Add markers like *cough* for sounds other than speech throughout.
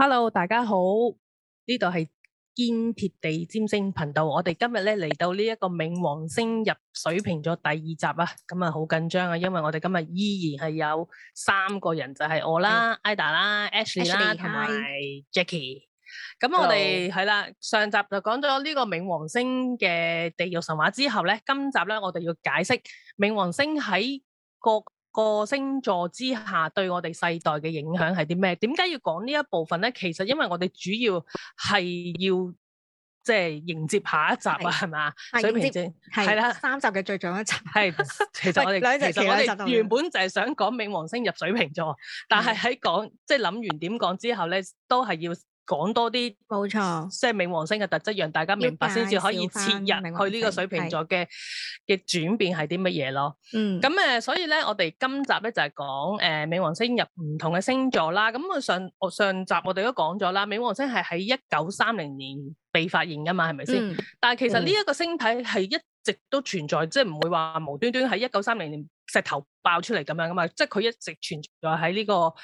Hello，大家好，呢度係堅貼地占星頻道。我哋今日咧嚟到，呢一個冥王星入水瓶座第二集啊，咁啊好緊張啊，因為我哋今日依然係有三個人，就係、是、我啦、Okay. Ida 啦 Ash Ashley,、Ashley 啦同埋 Jackie。咁我哋係啦，上集就講咗呢個冥王星嘅地獄神話之後咧，今集咧我哋要解釋冥王星喺各。個星座之下對我哋世代嘅影響係啲咩？點解要講呢一部分咧？其實因為我哋主要係要即係、就是、迎接下一集啊，係咪？是水瓶座係啦，三集嘅最長一集係。其實我哋 *laughs* 其實我哋原本就係想講冥王星入水瓶座，但係喺講即係諗完點講之後咧，都係要。講多啲冇錯，即係冥王星嘅特質，讓大家明白先至可以切入去呢個水瓶座嘅嘅轉變係啲乜嘢咯。嗯，咁誒，所以咧，我哋今集咧就係講誒冥王星入唔同嘅星座啦。咁我上我上集我哋都講咗啦，冥王星係喺一九三零年被發現㗎嘛，係咪先？嗯、但係其實呢一個星體係一直都存在，即係唔會話無端端喺一九三零年石頭爆出嚟咁樣噶嘛，即係佢一直存在喺呢、這個誒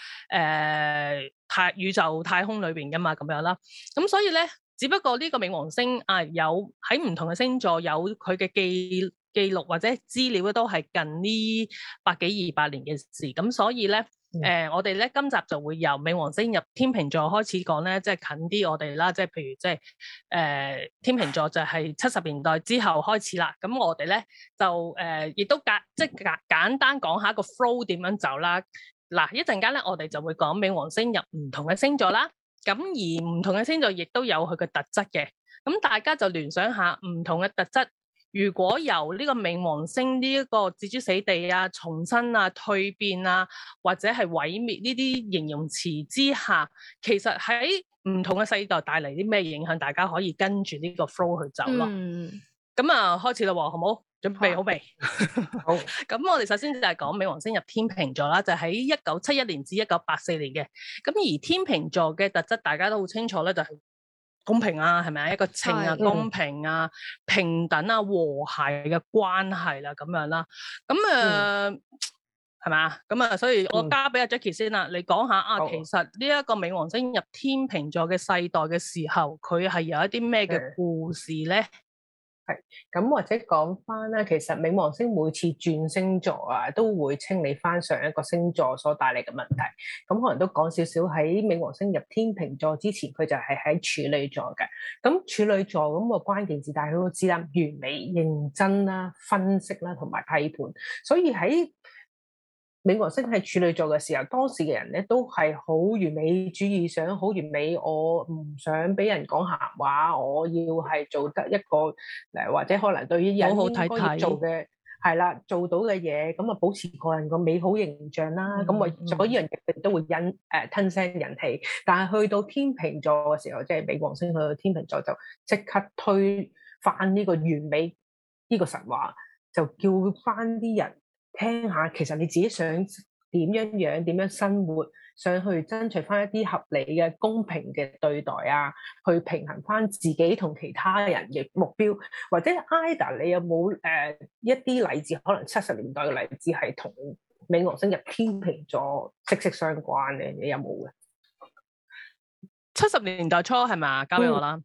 太、呃、宇宙太空裏邊噶嘛，咁樣啦。咁所以咧，只不過呢個冥王星啊，有喺唔同嘅星座有佢嘅記記錄或者資料咧都係近呢百幾二百年嘅事，咁所以咧，誒、嗯呃、我哋咧今集就會由冥王星入天秤座開始講咧，即係近啲我哋啦，即係譬如即係誒天秤座就係七十年代之後開始啦，咁、嗯、我哋咧就誒亦、呃、都簡即係簡簡單講一下個 flow 點樣走啦。嗱一陣間咧我哋就會講冥王星入唔同嘅星座啦，咁而唔同嘅星座亦都有佢嘅特質嘅，咁、嗯、大家就聯想下唔同嘅特質。如果由呢個冥王星呢一個置諸死地啊、重生啊、蛻變啊，或者係毀滅呢啲形容詞之下，其實喺唔同嘅世代帶嚟啲咩影響，大家可以跟住呢個 flow 去走咯。咁啊、嗯，開始啦喎，好冇？準備好未？ *laughs* 好。咁 *laughs* 我哋首先就係講冥王星入天秤座啦，就喺一九七一年至一九八四年嘅。咁而天秤座嘅特質，大家都好清楚咧，就係、是。公平啊，係咪啊？一個情啊，對公平啊，嗯、平等啊，和諧嘅關係啦，咁樣啦。咁誒，係咪啊？咁啊，啊、嗯、啊，所以我交俾阿 Jackie 先啦，嗯、你講下啊，的其實呢一個冥王星入天秤座嘅世代嘅時候，佢係有一啲咩嘅故事咧？係咁或者講翻啦，其實冥王星每次轉星座啊，都會清理翻上一個星座所帶嚟嘅問題。咁、嗯、可能都講少少喺冥王星入天秤座之前，佢就係喺處女座嘅。咁、嗯、處女座咁個關鍵字，大家都知啦，完美、認真啦、分析啦同埋批判。所以喺冥王星係處女座嘅時候，當時嘅人咧都係好完美主義，想好完美，我唔想俾人講閒話，我要係做得一個誒，或者可能對於人應該做嘅係啦，做到嘅嘢，咁啊保持個人個美好形象啦。咁我做呢樣嘢，佢都會引誒吞聲忍氣。但係去到天秤座嘅時候，即係冥王星去到天秤座就即刻推翻呢個完美呢、呢個神話，就叫翻啲人。聽下，其實你自己想點樣樣、點樣生活，想去爭取翻一啲合理嘅、公平嘅對待啊，去平衡翻自己同其他人嘅目標。或者 Ida，你有冇誒、呃、一啲例子？可能七十年代嘅例子係同冥王星入天秤座息息相關嘅，你有冇嘅？七十年代初係咪啊？交俾我啦。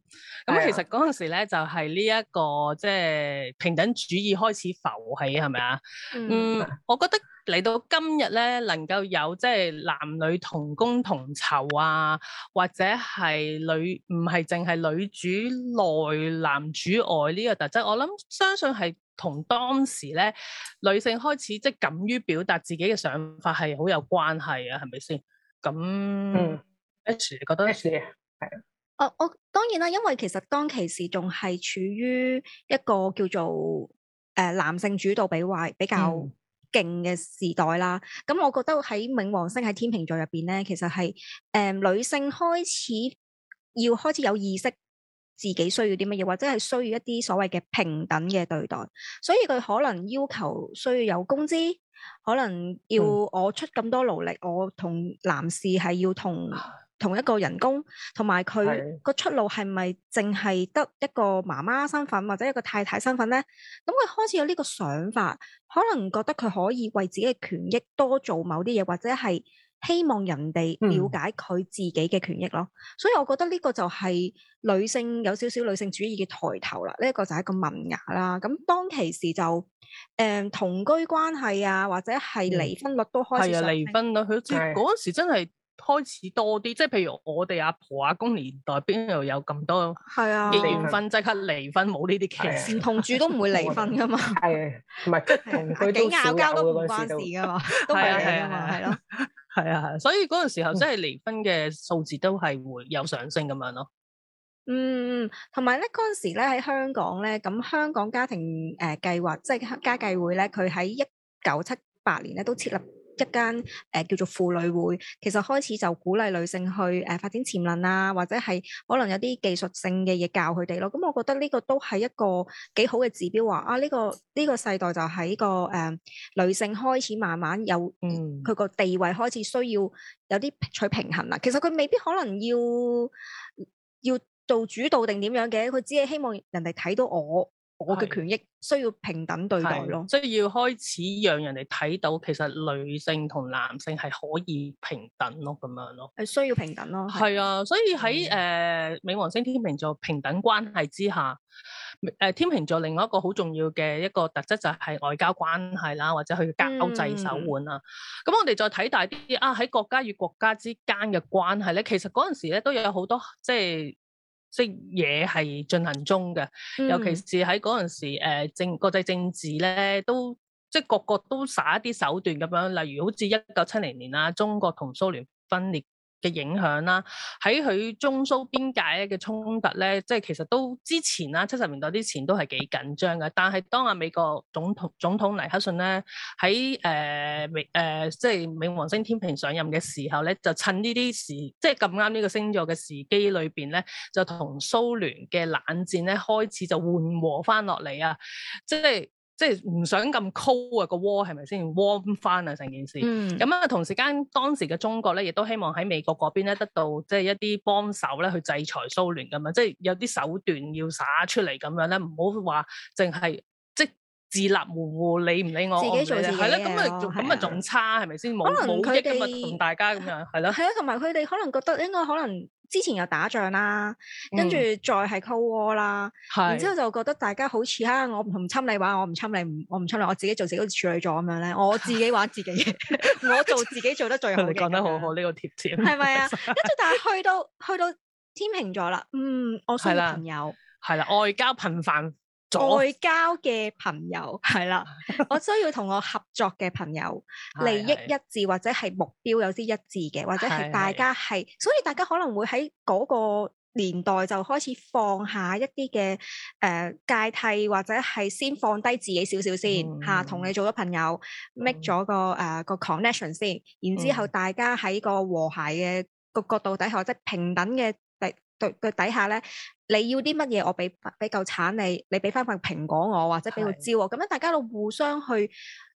咁、嗯嗯、其實嗰陣時咧，就係呢一個即係、就是、平等主義開始浮起，係咪啊？嗯，嗯我覺得嚟到今日咧，能夠有即係、就是、男女同工同酬啊，或者係女唔係淨係女主內、男主外呢個特質，我諗相信係同當時咧女性開始即係、就是、敢於表達自己嘅想法係好有關係啊，係咪先？咁。嗯覺得 H 啊，係啊，哦，我當然啦，因為其實當其時仲係處於一個叫做誒、呃、男性主導比壞比較勁嘅時代啦。咁、嗯嗯、我覺得喺冥王星喺天秤座入邊咧，其實係誒、呃、女性開始要開始有意識自己需要啲乜嘢，或者係需要一啲所謂嘅平等嘅對待。所以佢可能要求需要有工資，可能要我出咁多勞力，嗯、我同男士係要同，同一個人工，同埋佢個出路係咪淨係得一個媽媽身份，或者一個太太身份呢？咁佢開始有呢個想法，可能覺得佢可以為自己嘅權益多做某啲嘢，或者係希望人哋了解佢自己嘅權益咯。嗯、所以，我覺得呢個就係女性有少少女性主義嘅抬頭啦。呢、這、一個就係一個萌芽啦。咁當其時就誒、嗯、同居關係啊，或者係離婚率都開始上升。嗯、離婚率佢嗰陣時真係～開始多啲，即係譬如我哋阿婆阿公年代，邊度有咁多結完婚即刻離婚，冇呢啲劇。唔、啊、 *laughs* 同住都唔會離婚噶嘛。係，唔係同佢都幾拗交都唔關事噶嘛，啊、都平啊嘛，係咯。係啊，所以嗰陣時候，即係離婚嘅數字都係會有上升咁樣咯。 *laughs* 嗯、同埋咧嗰陣時咧喺香港咧，咁香港家庭誒計劃，即係家計會咧，佢喺一九七八年咧都設立。一間誒、呃、叫做婦女會，其實開始就鼓勵女性去誒、呃、發展潛能啊，或者係可能有啲技術性嘅嘢教佢哋咯。咁我覺得呢個都係一個幾好嘅指標話啊，呢、這個呢、這個世代就喺這個誒、呃、女性開始慢慢有佢個、呃、地位開始需要有啲取平衡啊。其實佢未必可能要要做主導定點樣嘅，佢只係希望人哋睇到我。我嘅權益需要平等對待咯，需要開始讓人哋睇到其實女性同男性係可以平等咯，咁樣咯，係需要平等咯，係啊，所以喺誒、嗯呃、冥王星天秤座平等關係之下，誒、呃、天秤座另外一個好重要嘅一個特質就係外交關係啦，或者佢嘅去交際手腕、嗯、啊。咁我哋再睇大啲啊，喺國家與國家之間嘅關係咧，其實嗰陣時咧都有好多即係。即嘢係進行中嘅，嗯、尤其是喺嗰陣時、呃，政國際政治咧都即各個都耍一啲手段咁樣，例如好似一九七零年啊，中國同蘇聯分裂。嘅影響啦，喺佢中蘇邊界嘅衝突咧，即係其實都之前啦，七十年代之前都係幾緊張嘅。但係當阿美國總統總統尼克遜咧喺誒美即係冥王星天秤上任嘅時候咧，就趁呢啲時即係咁啱呢個星座嘅時機裏邊咧，就同蘇聯嘅冷戰咧開始就緩和翻落嚟啊！即係。即係唔想咁 cold 啊，個窩係咪先 warm 翻啊，成件事。咁啊、嗯、同時間當時嘅中國咧，亦都希望喺美國嗰邊咧得到即係一啲幫手咧，去制裁蘇聯咁樣，即係有啲手段要撒出嚟咁樣咧，唔好話淨係。自立門戶，理唔理我，自己做係咧咁啊，咁啊仲差，係咪先冇冇益嘅物同大家咁樣，係咯？係啊，同埋佢哋可能覺得應該可能之前又打仗啦，跟住再係 Cold War 啦，然之後就覺得大家好似啊，我唔同侵你玩，我唔侵你，唔我唔侵你，我自己做自己處女座咁樣咧，我自己玩自己，我做自己做得最好，你講得好好呢個貼切，係咪啊？跟住但係去到去到天秤座啦，嗯，我需要朋友，係啦，外交頻繁。左外交嘅朋友，係啦的， *laughs* 我需要同我合作嘅朋友，的利益一致或者係目標有啲一致嘅，或者係大家係，的所以大家可能會喺嗰個年代就開始放下一啲嘅誒芥蒂，或者係先放低自己少少先嚇，同、嗯、你做咗朋友、嗯、，make 咗個誒、uh，個 connection 先，然之後大家喺個和諧嘅個、嗯、角度底下，即係平等嘅。對腳底下咧，你要啲乜嘢，我俾俾嚿橙你，你俾翻份蘋果我，或者俾個蕉我，咁的樣大家都互相去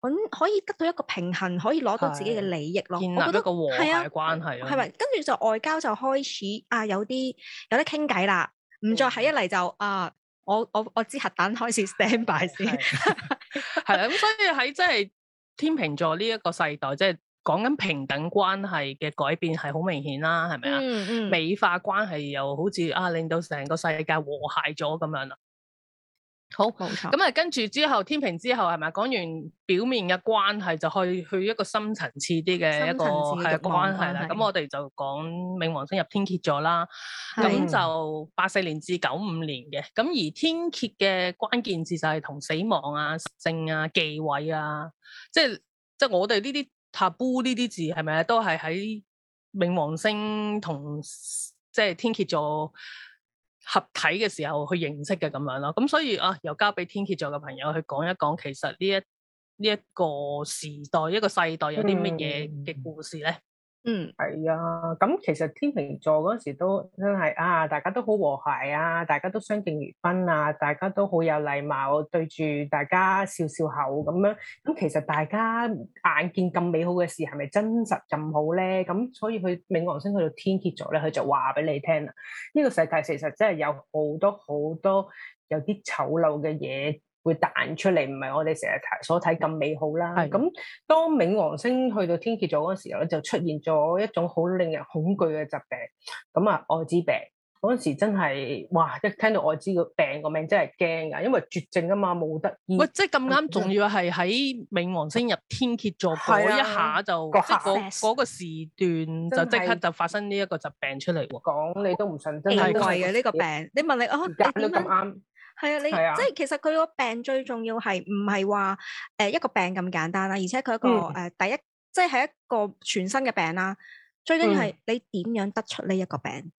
揾，可以得到一個平衡，可以攞到自己嘅利益咯。的我覺得建立個和諧關係。係咪？跟住就外交就開始啊，有啲有得傾偈啦。唔再係一嚟就的啊，我我我支核彈開始 stand by 先的。係啦， *laughs* 咁所以喺即係天秤座呢一個世代，即係。講緊平等關係嘅改變係好明顯啦，係咪啊？嗯嗯、美化關係又好似啊，令到成個世界和諧咗咁樣啦。好，咁啊錯，跟住之後天平之後係咪？講完表面嘅關係，就去去一個深層次啲嘅一個層次嘅層個關係啦。咁、嗯、我哋就講冥王星入天蠍座啦。咁的就八四年至九五年嘅。咁而天蠍嘅關鍵字就係同死亡啊、性啊、忌諱啊，即係即係我哋呢啲。taboo 呢啲字係咪都係喺冥王星同，即係天蠍座合體嘅時候去認識嘅咁樣咯。咁所以啊，又交俾天蠍座嘅朋友去講一講，其實呢一呢一個時代、一個世代有啲乜嘢嘅故事咧。嗯嗯，係啊，咁其實天秤座嗰時都真係啊，大家都好和諧啊，大家都相敬如賓啊，大家都好有禮貌，對住大家笑笑口咁樣。咁、嗯、其實大家眼見咁美好嘅事，係咪真實咁好咧？咁所以佢冥王星去到天蠍座咧，佢就話俾你聽啦。呢個世界，其實真係有好多好多有啲醜陋嘅嘢。會彈出嚟，唔係我哋成日睇所睇咁美好啦。咁是的 當冥王星去到天蠍座嗰陣時候咧，就出現咗一種好令人恐懼嘅疾病。咁啊，艾滋病嗰陣時真係，哇！一聽到艾滋病個名真係驚噶，因為絕症啊嘛，冇得醫。喂，即係咁啱，仲要係喺冥王星入天蠍座嗰一下就，下即係嗰嗰個時段就即刻就發生呢一個疾病出嚟喎。講你都唔信真係。奇怪嘅呢個病，你問你哦，揀咗咁啱。係啊，你即係其實佢個病最重要係唔係話誒一個病咁簡單啦，而且佢一個誒、嗯呃、第一即係係一個全新嘅病啦、啊。最緊要係你點樣得出呢一個病？呢、嗯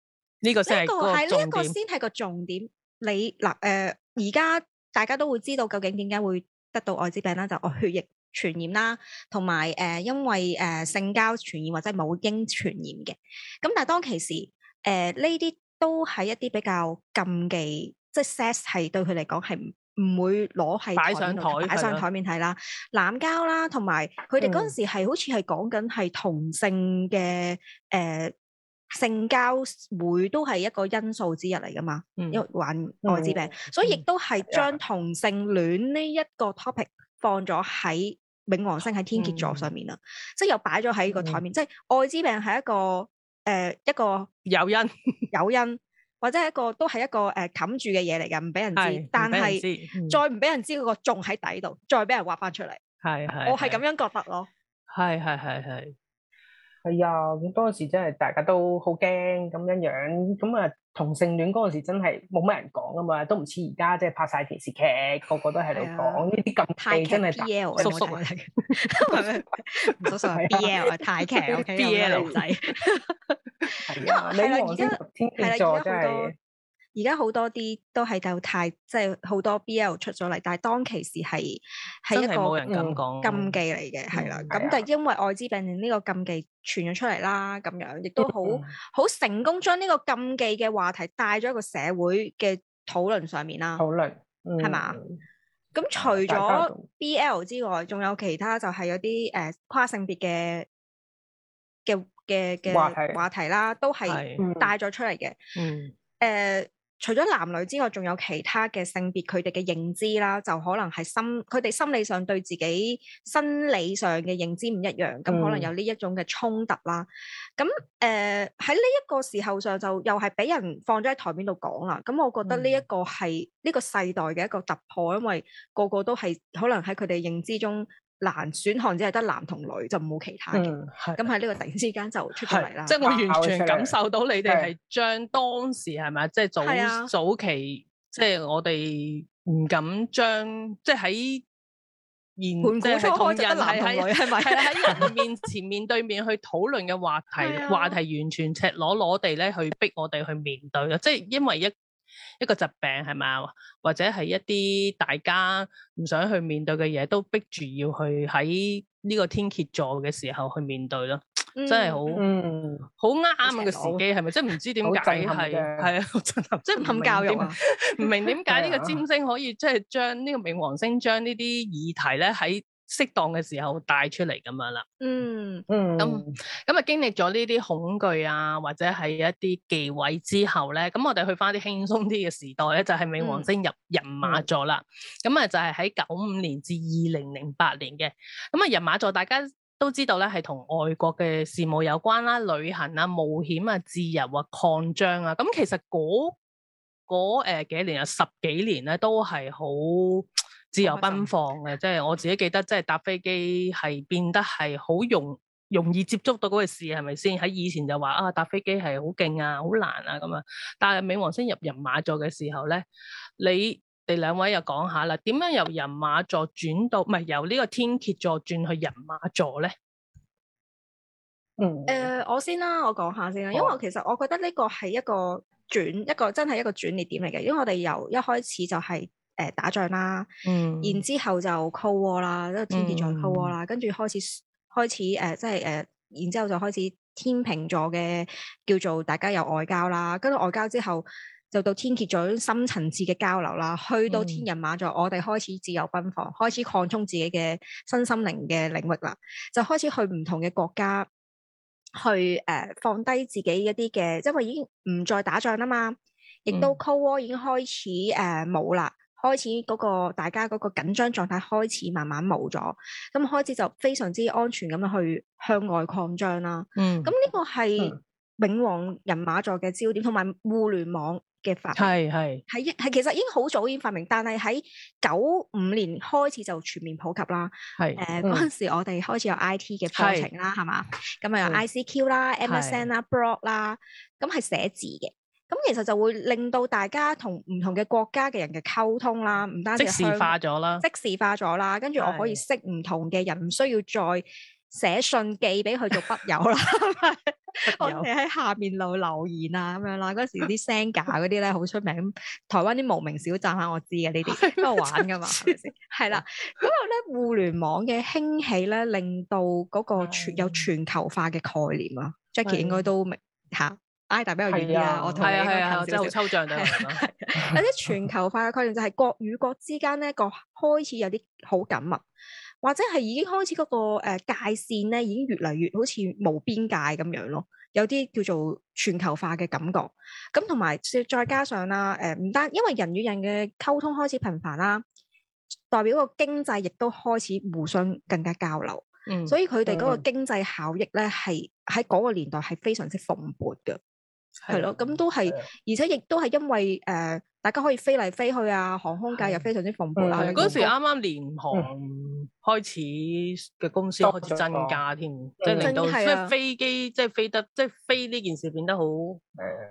這個先係呢一個先係個，個，個重點。你嗱誒而家大家都會知道究竟點解會得到艾滋病啦、啊？就我、是、血液傳染啦、啊，同埋誒因為誒、呃、性交傳染或者母嬰傳染嘅。咁、嗯、但係當其時誒呢啲都係一啲比較禁忌。即係 sex 係對佢嚟講係唔會攞喺擺上台擺上台面睇啦，濫交啦，同埋佢哋嗰陣時係好似係講緊係同性嘅誒性交會都係一個因素之一嚟噶嘛，因為患艾滋病，所以亦都係將同性戀呢一個 topic 放咗喺冥王星喺天蠍座上面啦，即係又擺咗喺個台面，即係艾滋病係一個誒一個誘因，誘因。或者一個都係一個誒冚住嘅嘢嚟嘅，唔俾人知。但係再唔俾人知，個仲喺底度，再俾人挖翻出嚟。係，我係咁樣覺得咯。係係係係。係啊，咁當時真係大家都好驚咁樣樣，咁啊～同性戀嗰陣時真係冇乜人講啊嘛，都唔似而家，即係拍晒電視劇，個個都喺度講呢啲咁太，真係叔叔嚟，唔叔叔係 BL 太騎 OK，BL 仔係啊，係啦而家係啦而家好而家好多啲都係夠太，即係好多 BL 出咗嚟，但係當其時係係一個禁、嗯、禁忌嚟嘅，係啦。咁、嗯、就因為艾滋病呢個禁忌傳咗出嚟啦，咁樣亦都好好、嗯、成功將呢個禁忌嘅話題帶咗一個社會嘅討論上面啦。討論係嘛？咁、嗯、除咗 BL 之外，仲有其他就係有啲誒、呃、跨性別嘅嘅嘅話題啦，都係帶咗出嚟嘅。嗯，誒、嗯。除咗男女之外，仲有其他嘅性別，佢哋嘅認知啦，就可能係心，佢哋心理上對自己生理上嘅認知唔一樣，咁、嗯、可能有呢一種嘅衝突啦。咁誒喺呢一個時候上，就又係俾人放咗喺台面度講啦。咁我覺得呢一個係呢個世代嘅一個突破，嗯、因為個個都係可能喺佢哋認知中。難選項只係得男同女，就冇其他嘅。咁喺呢個突然之間就出咗嚟啦。即係我完全感受到你哋係將當時係咪啊？即係早的早期，即係我哋唔敢將，即係喺現股方開只得男同女，係咪？喺 *laughs* 人面前面對面去討論嘅話題，的話題完全赤裸裸地咧，去逼我哋去面對咯。即係因為一。一個疾病係咪啊？或者係一啲大家唔想去面對嘅嘢，都逼住要去喺呢個天蠍座嘅時候去面對咯，嗯、真係、嗯、好好啱啊個時機係咪？即係唔知點解係係啊，是 *laughs* 即係冚教育，唔明點、啊、 *laughs* 解呢 *laughs* 個占星可以即係將呢個冥王星將呢啲議題咧喺適當嘅時候帶出嚟咁樣啦。嗯，嗯。咁咁啊，經歷咗呢啲恐懼啊，或者係一啲忌諱之後咧，咁我哋去返啲輕鬆啲嘅時代咧，就係、是、冥王星入人馬座啦。咁啊、嗯，嗯、就係喺九五年至二零零八年嘅。咁啊，人馬座大家都知道咧，係同外國嘅事務有關啦、啊，旅行啊、冒險啊、自由啊、擴張啊。咁其實嗰、那、嗰、個那個呃、幾年啊，十幾年咧都係好。自由奔放嘅，嗯、即係我自己記得，即係搭飛機係變得係好容易容易接觸到嗰個事，係咪先？喺以前就話啊，搭飛機係好勁啊，好難啊咁啊。但係冥王星入人馬座嘅時候咧，你哋兩位又講下啦，點樣由人馬座轉到，唔係由呢個天蠍座轉去人馬座咧？嗯。誒、呃，我先啦，我講下先啦，因為、哦、其實我覺得呢個係一個轉，一個真係一個轉捩點嚟嘅，因為我哋由一開始就係、是。誒打仗啦，嗯、然之後就 cold war 啦，跟住天蠍座 cold war 啦，嗯、跟住開始開始誒、呃，即係誒、呃，然之後就開始天秤座嘅叫做大家有外交啦，跟住外交之後就到天蠍座深層次嘅交流啦，去到天人馬座，嗯、我哋開始自由奔放，開始擴充自己嘅身心靈嘅領域啦，就開始去唔同嘅國家去誒、呃、放低自己一啲嘅，因為已經唔再打仗啦嘛，亦都 cold war 已經開始誒冇啦。呃呃開始嗰個大家嗰個緊張狀態開始慢慢冇咗，咁開始就非常之安全咁樣去向外擴張啦。嗯，咁呢個係冥王人馬座嘅焦點，同埋互聯網嘅發明係係係，其實已經好早已經發明，但係喺九五年開始就全面普及啦。係誒嗰陣時，我哋開始有 I T 嘅課程啦，係嘛是？咁啊，I C Q 啦，MSN 啦，blog 啦，咁係寫字嘅。咁其實就會令到大家同唔同嘅國家嘅人嘅溝通啦，唔單止鄉化咗啦，即時化咗啦，即時化，跟住我可以識唔同嘅人，唔需要再寫信寄俾佢做筆友啦， *laughs* 我哋喺下面度留言啊咁樣啦，嗰時啲 send 啊嗰啲咧好出名，台灣啲無名小站嚇我知嘅呢啲，喺度玩噶嘛，係咪先？係啦，咁啊咧互聯網嘅興起咧，令到嗰個全有全球化嘅概念啊，Jackie 應該都明嚇。哈哈。I 代表我意思啊，啊我真係好、啊啊、抽象少 *laughs* *laughs* 有啲全球化嘅概念就係國與國之間咧，個開始有啲好緊密，或者係已經開始嗰個誒界線咧，已經越嚟越好似無邊界咁樣咯。有啲叫做全球化嘅感覺。咁同埋再加上啦，誒、呃、唔單因為人與人嘅溝通開始頻繁啦，代表個經濟亦都開始互相更加交流。嗯、所以佢哋嗰個經濟效益咧，係喺嗰個年代係非常之蓬勃嘅。係咯，咁都係，而且亦都係因為誒，大家可以飛嚟飛去啊，航空界又非常之蓬勃啦。嗰時啱啱廉航開始嘅公司開始增加添，即係令到飛機即係飛得即係飛呢件事變得好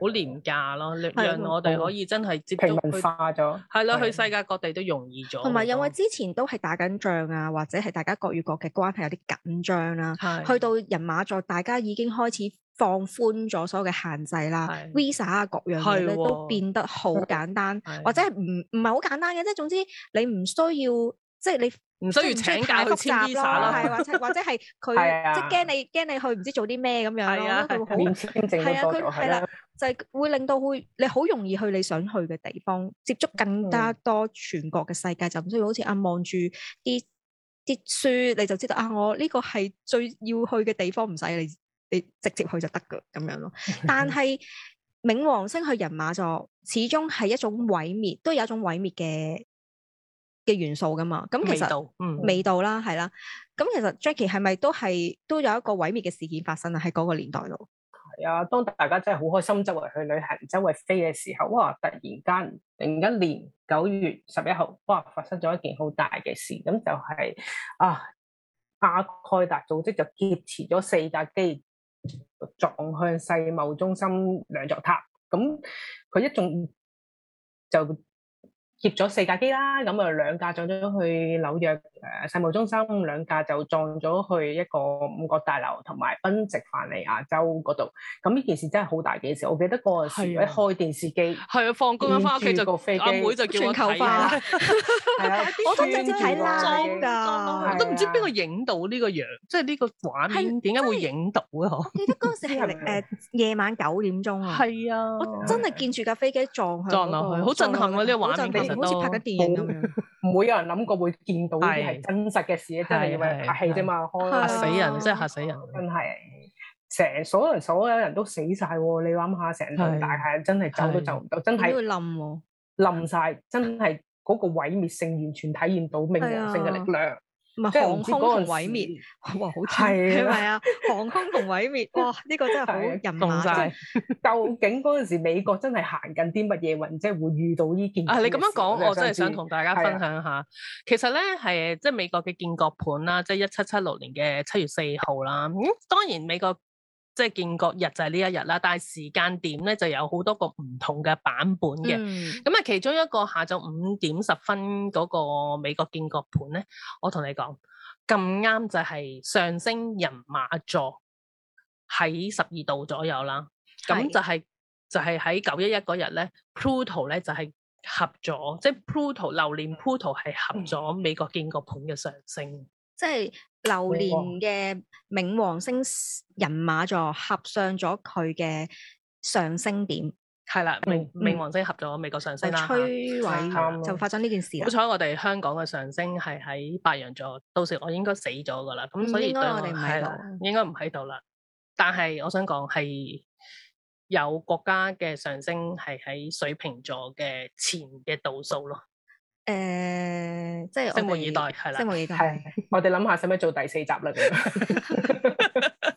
好廉價咯，令讓我哋可以真係接觸去。平民化咗。係啦，去世界各地都容易咗。同埋因為之前都係打緊仗啊，或者係大家各與各嘅關係有啲緊張啦，去到人馬座大家已經開始。放寬咗所有嘅限制啦，visa 啊，各樣嘢都變得好簡單，或者係唔唔係好簡單嘅，即係總之你唔需要，即係你唔需要請假去簽 visa 或者或者係佢即係驚你驚你去唔知做啲咩咁樣咯，佢會好唔簽證多啦，就係會令到會你好容易去你想去嘅地方，接觸更加多全國嘅世界，就唔需要好似啊望住啲啲書你就知道啊，我呢個係最要去嘅地方，唔使你。你直接去就得噶，咁樣咯，但係 *laughs* 冥王星去人馬座始終係一種毀滅，都有一種毀滅嘅嘅元素噶嘛。咁其實未到、嗯、啦，係啦。咁其實 Jackie 係咪都係都有一個毀滅嘅事件發生啊？喺嗰個年代度。係啊，當大家真係好開心周圍去旅行，周圍飛嘅時候，哇！突然間零一年九月十一號，哇！發生咗一件好大嘅事，咁就係、是、啊，阿蓋達組織就劫持咗四架機。撞向世貿中心兩座塔，咁佢一撞就。撲咗四架機啦，咁啊兩架撞咗去紐約誒世貿中心，兩架就撞咗去一個五角大樓同埋賓夕凡尼亞州嗰度。咁呢件事真係好大件事，我記得嗰陣時一開電視機係啊，放工返屋企，就個飛機，全球化我都仔仔睇啦，我都唔知邊個影到呢個樣，即係呢個畫面點解會影到啊？嗬！記得嗰陣時係誒夜晚九點鐘啊，係啊，我真係見住架飛機撞去撞落去，好震撼啊，呢個畫面。好似拍緊電影咁樣，唔 *laughs* 會有人諗過會見到呢啲係真實嘅事，即係因為拍戲啫嘛，嚇死人，真係嚇死人！真係成所有人，所有人都死晒喎！你諗下，成棟大廈真係走都走唔到，真係冧喎，冧晒，真係嗰個毀滅性完全體現到命運是、啊、性嘅力量。唔係航空同毀滅，哇，好係，係啊？航空同毀滅，哇，呢個真係好人馬， *laughs* 即係究竟嗰陣時美國真係行近啲乜嘢運，即係會遇到呢件啊？你咁樣講，我，我真係想同大家分享下。啊、其實咧，係即係美國嘅建國盤啦，即係一七七六年嘅七月四號啦。咁、嗯、當然美國。即係建國日就係呢一日啦，但係時間點咧就有好多個唔同嘅版本嘅。咁啊、嗯，其中一個下晝五點十分嗰個美國建國盤咧，我同你講，咁啱就係上升人馬座喺十二度左右啦。咁是就係、是、就係喺九一一嗰日咧，Pluto 咧就係合咗，即、就、係、是、Pluto 流年 Pluto 係合咗美國建國盤嘅上升。嗯即係流年嘅冥王星人馬座合上咗佢嘅上升點，係啦、嗯，冥冥王星合咗美國上升啦，摧毀就發生呢件事，好彩我哋香港嘅上升係喺白羊座，到時我應該死咗噶啦，咁所以對我哋唔喺度，應該唔喺度啦。但係我想講係有國家嘅上升係喺水瓶座嘅前嘅度數咯。誒、嗯，即係拭目以待，係啦，係我哋諗下使唔使做第四集啦咁。 *laughs*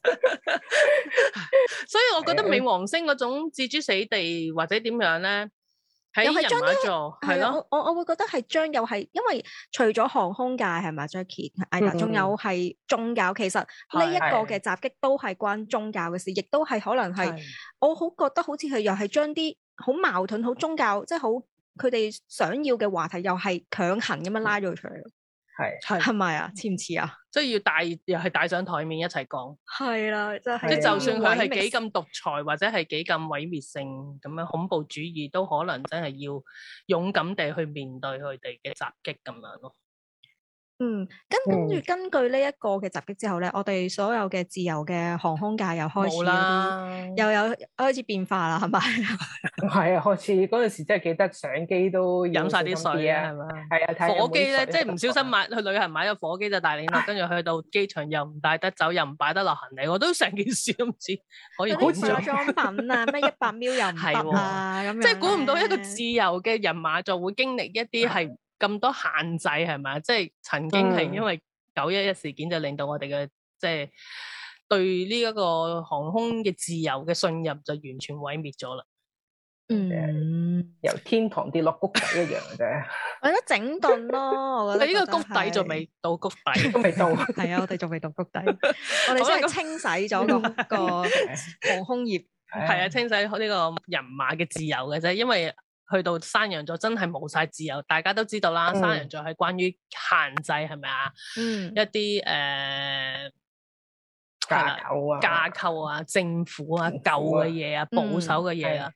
*laughs* *laughs* 所以我覺得冥王星嗰種置之死地或者點樣咧，喺人馬座係咯，我我會覺得係將又係因為除咗航空界係咪 Jackie i s 仲有係宗教，其實呢一個嘅襲擊都係關宗教嘅事，亦都係可能係的我好覺得好似係又係將啲好矛盾、好宗教即係好。就是佢哋想要嘅話題又係強行咁樣拉咗佢出嚟，係係咪啊？似唔似啊？所以要帶又係帶上台面一齊講，係啦，即係即係，就算佢係幾咁獨裁或者係幾咁毀滅性咁樣恐怖主義，都可能真係要勇敢地去面對佢哋嘅襲擊咁樣咯。嗯，跟跟住根據呢一個嘅襲擊之後咧，我哋所有嘅自由嘅航空界又開始又有開始變化啦，係咪？係啊，開始嗰陣時真係記得上機都飲晒啲水啊，係嘛？係啊，火機咧，即係唔小心買去旅行買咗火機就帶嚟啦，跟住去到機場又唔帶得走，又唔擺得落行李，我都成件事都唔知。可以好似化妝品啊，咩一百 ml 又唔得啊，咁樣即係估唔到一個自由嘅人馬就會經歷一啲係。咁多限制係咪？即係曾經係因為九一一事件就令到我哋嘅，即係對呢一個航空嘅自由嘅信任就完全毀滅咗啦。嗯，由天堂跌落谷底一樣嘅啫。為咗 *laughs* 整頓咯，我覺得呢個谷底仲未到谷底，都未 *laughs* 到。係 *laughs* *laughs* 啊，我哋仲未到谷底。我哋先清洗咗個航空業。係啊，清洗呢個人馬嘅自由嘅啫，因為。去到山羊座真係冇晒自由，大家都知道啦。山羊座係關於限制，係咪啊？嗯，一啲誒，架構啊，架構啊，政府啊，舊嘅嘢啊，保守嘅嘢啊。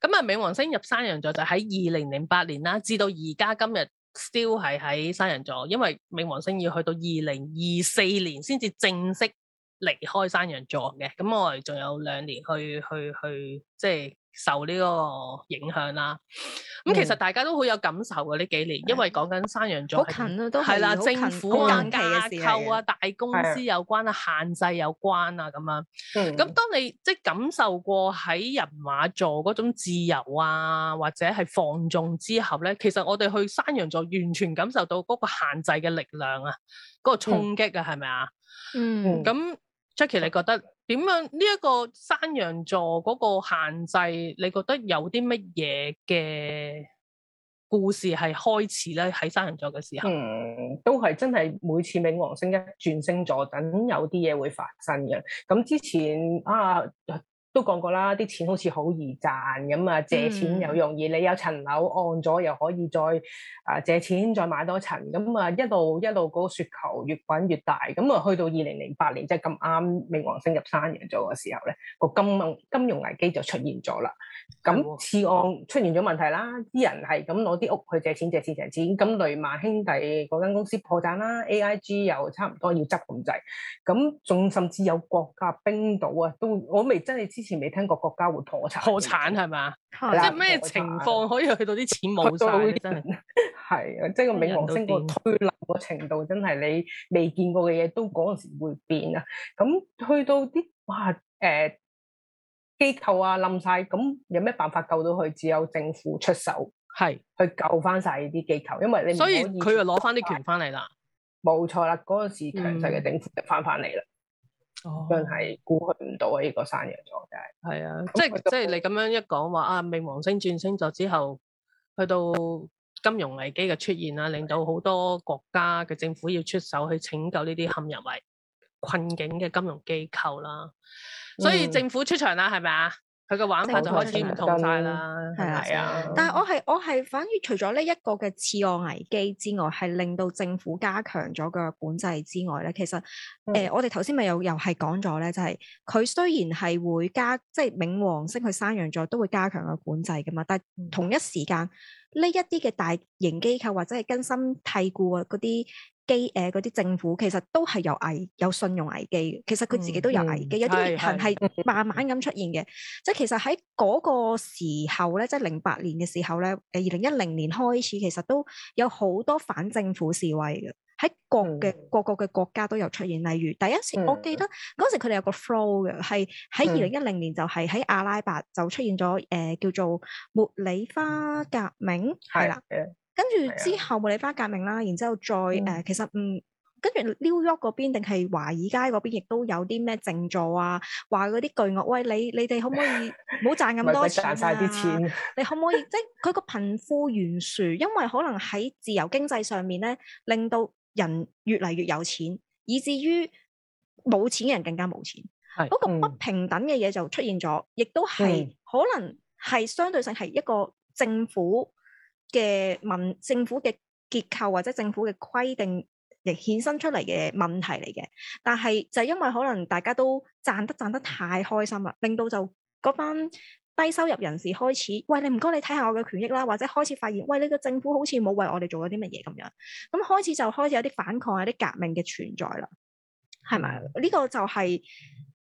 咁啊，冥王星入山羊座就喺二零零八年啦，至到而家今日 still 係喺山羊座，因為冥王星要去到二零二四年先至正式離開山羊座嘅。咁我哋仲有兩年去去去，即係。受呢個影響啦、啊，咁、嗯、其實大家都好有感受嘅、啊、呢幾年，因為講緊山羊座好近啊，都係啦，政府啊、架構啊、大公司有關啊、的限制有關啊咁樣。咁、嗯、當你即係感受過喺人馬座嗰種自由啊，或者係放縱之後咧，其實我哋去山羊座完全感受到嗰個限制嘅力量啊，嗰、嗰個衝擊啊，係咪啊？嗯。咁 Jackie，你覺得？點樣呢一個山羊座嗰個限制？你覺得有啲乜嘢嘅故事係開始咧？喺山羊座嘅時候，嗯，都係真係每次冥王星一轉星座等，等有啲嘢會發生嘅。咁之前啊，都講過啦，啲錢好似好易賺咁啊，借錢又容易，你有層樓按咗又可以再啊、呃、借錢再買多層，咁啊一路一路嗰個雪球越滾越大，咁啊去到二零零八年即係咁啱冥王星入山羊座嘅時候咧，個金金融危機就出現咗啦。咁的次按出現咗問題啦，啲人係咁攞啲屋去借錢借錢借錢，咁雷曼兄弟嗰間公司破產啦，A I G 又差唔多要執咁滯，咁仲甚至有國家冰島啊都我未真係之前未聽過國家會破產，破產係咪？啊、即係咩情況可以去到啲錢冇曬？係啊到，即係個冥王星個推冧個程度，真係你未見過嘅嘢，都嗰陣時會變啊！咁去到啲哇誒、呃、機構啊冧晒，咁有咩辦法救到佢？只有政府出手，係的去救翻晒啲機構，因為你以所以佢又攞翻啲權翻嚟啦，冇錯啦！嗰、那、陣、個、時強勢嘅政府就翻翻嚟啦。嗯。哦、真係估唔到啊！呢個山羊座真係啊，即係即係你咁樣一講話啊，冥王星轉星座之後，去到金融危機嘅出現啦，的令到好多國家嘅政府要出手去拯救呢啲陷入埋困境嘅金融機構啦，所以政府出場啦，係咪啊？佢個玩法就開始唔同晒啦，係、嗯、啊！但係我係我係反而除咗呢一個嘅次按危機之外，係令到政府加強咗個管制之外咧，其實誒，呃嗯、我哋頭先咪又又係講咗咧，就係、是、佢雖然係會加，即、就、係、是、冥王星去山羊座都會加強個管制噶嘛，但係同一時間呢一啲嘅大型機構或者係根深蒂固啊嗰啲。機誒，啲政府其實都係有危，有信用危機。其實佢自己都有危機，有啲裂痕係慢慢咁出現嘅是是。即係其實喺嗰個時候咧，即係零八年嘅時候咧，誒，二零一零年開始，其實都有好多反政府示威嘅，喺各嘅、嗯、各國嘅國家都有出現。例如第一次，嗯、我記得嗰時佢哋有個 flow 嘅，係喺二零一零年就係喺阿拉伯就出現咗誒、呃，叫做茉莉花革命係啦。嗯跟住之後，茉莉花革命啦，然之後再誒、嗯呃，其實唔、嗯、跟住 New y 紐約嗰邊定係華爾街嗰邊，亦都有啲咩靜坐啊，話嗰啲巨鱷，喂你你哋可唔可以唔好賺咁多錢啊？ *laughs* 賺錢 *laughs* 你可唔可以即係佢個貧富懸殊？因為可能喺自由經濟上面咧，令到人越嚟越有錢，以至於冇錢嘅人更加冇錢，係嗰、嗯、個不平等嘅嘢就出現咗，亦都係可能係相對性係一個政府。嘅問政府嘅結構或者政府嘅規定，亦衍生出嚟嘅問題嚟嘅。但係就係因為可能大家都賺得賺得太開心啦，令到就嗰班低收入人士開始，喂你唔該你睇下我嘅權益啦，或者開始發現，喂呢個政府好似冇為我哋做咗啲乜嘢咁樣，咁開始就開始有啲反抗，有啲革命嘅存在啦，係咪？呢個就係，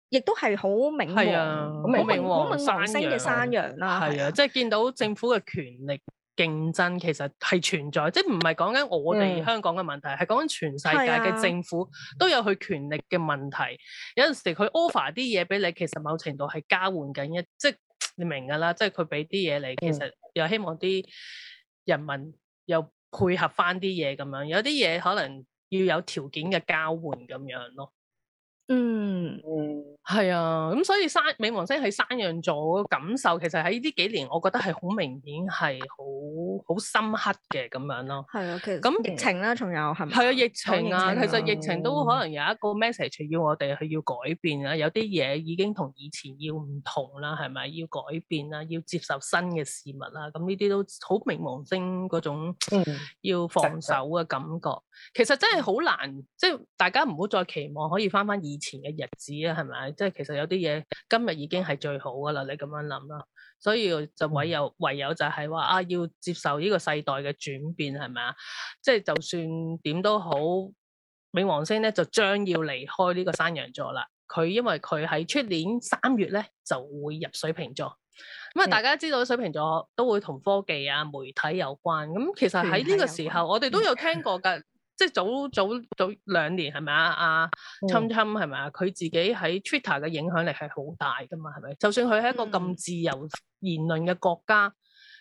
亦都係好明，係啊，好明，好明星嘅山羊啦，係啊，即係見到政府嘅權力。競爭其實係存在，即係唔係講緊我哋香港嘅問題，係講緊全世界嘅政府都有佢權力嘅問題。嗯、有陣時佢 offer 啲嘢俾你，其實某程度係交換緊一，即係你明㗎啦，即係佢俾啲嘢你，其實又希望啲人民又配合翻啲嘢咁樣，有啲嘢可能要有條件嘅交換咁樣咯。嗯，係啊，咁、嗯、所以三冥王星喺山羊座嘅感受，其實喺呢幾年，我覺得係好明顯，係好好深刻嘅咁樣咯。係啊，其實咁疫情咧，仲有係咪？係啊，疫情啊，情啊其實疫情都可能有一個 message 要我哋去要改變啊，有啲嘢已經同以前要唔同啦，係咪？要改變啊，要接受新嘅事物啦，咁呢啲都好冥王星嗰種要放手嘅感覺。其實真係好難，即係大家唔好再期望可以翻翻以前嘅日子啊，係咪？即係其實有啲嘢今日已經係最好噶啦，你咁樣諗啦。所以就唯有唯有就係話啊，要接受呢個世代嘅轉變，係咪啊？即係就算點都好，冥王星咧就將要離開呢個山羊座啦。佢因為佢喺出年三月咧就會入水瓶座。咁啊，大家知道水瓶座都會同科技啊、媒體有關。咁其實喺呢個時候，我哋都有聽過噶。 *laughs* 即係早早早兩年係咪啊？啊，侵侵係咪啊？佢自己喺 Twitter 嘅影響力係好大噶嘛？係咪？就算佢係一個咁自由言論嘅國家、嗯、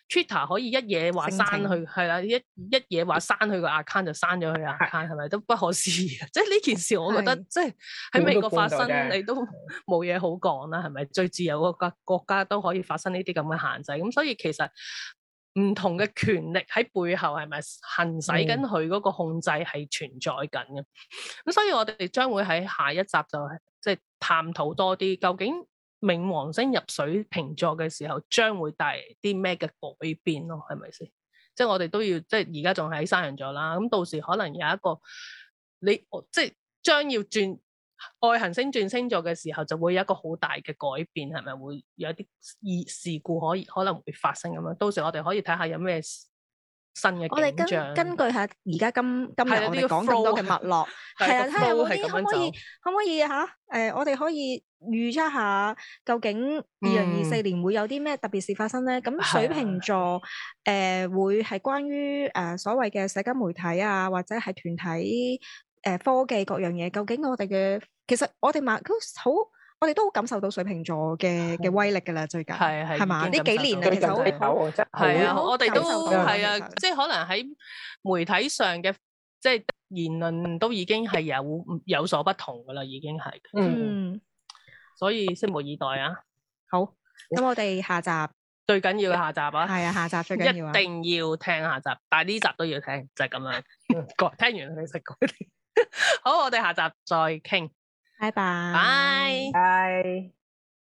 Twitter 可以一嘢話刪佢，係啦聲稱、啊啊，一一嘢話刪佢個 account 就刪咗佢 account，係咪都不可思議？即係呢件事，我覺得、啊、即係喺美國發生，你都冇嘢好講啦，係咪？最自由個國國家都可以發生呢啲咁嘅限制，咁所以其實。唔同嘅權力喺背後係咪行使緊佢嗰個控制係存在緊嘅？咁、嗯、所以我哋將會喺下一集就係即係探討多啲，究竟冥王星入水瓶座嘅時候，將會帶嚟啲咩嘅改變咯？係咪先？嗯、即係我哋都要，即係而家仲喺山羊座啦。咁到時可能有一個你，即係將要轉。外行星轉星座嘅時候，就會有一個好大嘅改變，係咪會有一啲意事故可以可能會發生咁樣？到時我哋可以睇下有咩新嘅景象。我哋根根據下而家今今日我哋講咁多嘅脈絡，係、嗯嗯、啊，睇下有啲可唔可以可唔可以吓？誒，我哋可以預測下究竟二零二四年會有啲咩特別事發生咧？咁水瓶座誒的、呃，會係關於誒、呃、所謂嘅社交媒體啊，或者係團體。誒，科技各樣嘢，究竟我哋嘅，其實我哋萬，佢好，我哋都感受到水瓶座嘅嘅威力噶啦，最近係係嘛？呢幾年其實係啊，我哋都係啊，即係可能喺媒體上嘅，即係言論都已經係有有所不同噶啦，已經係。嗯，所以拭目以待啊！好，咁我哋下集最緊要嘅下集啊！係啊，下集最緊要，一定要聽下集，但係呢集都要聽，就係咁樣。聽完你食啲。 *laughs* 好，我哋下集再傾，拜拜，拜拜。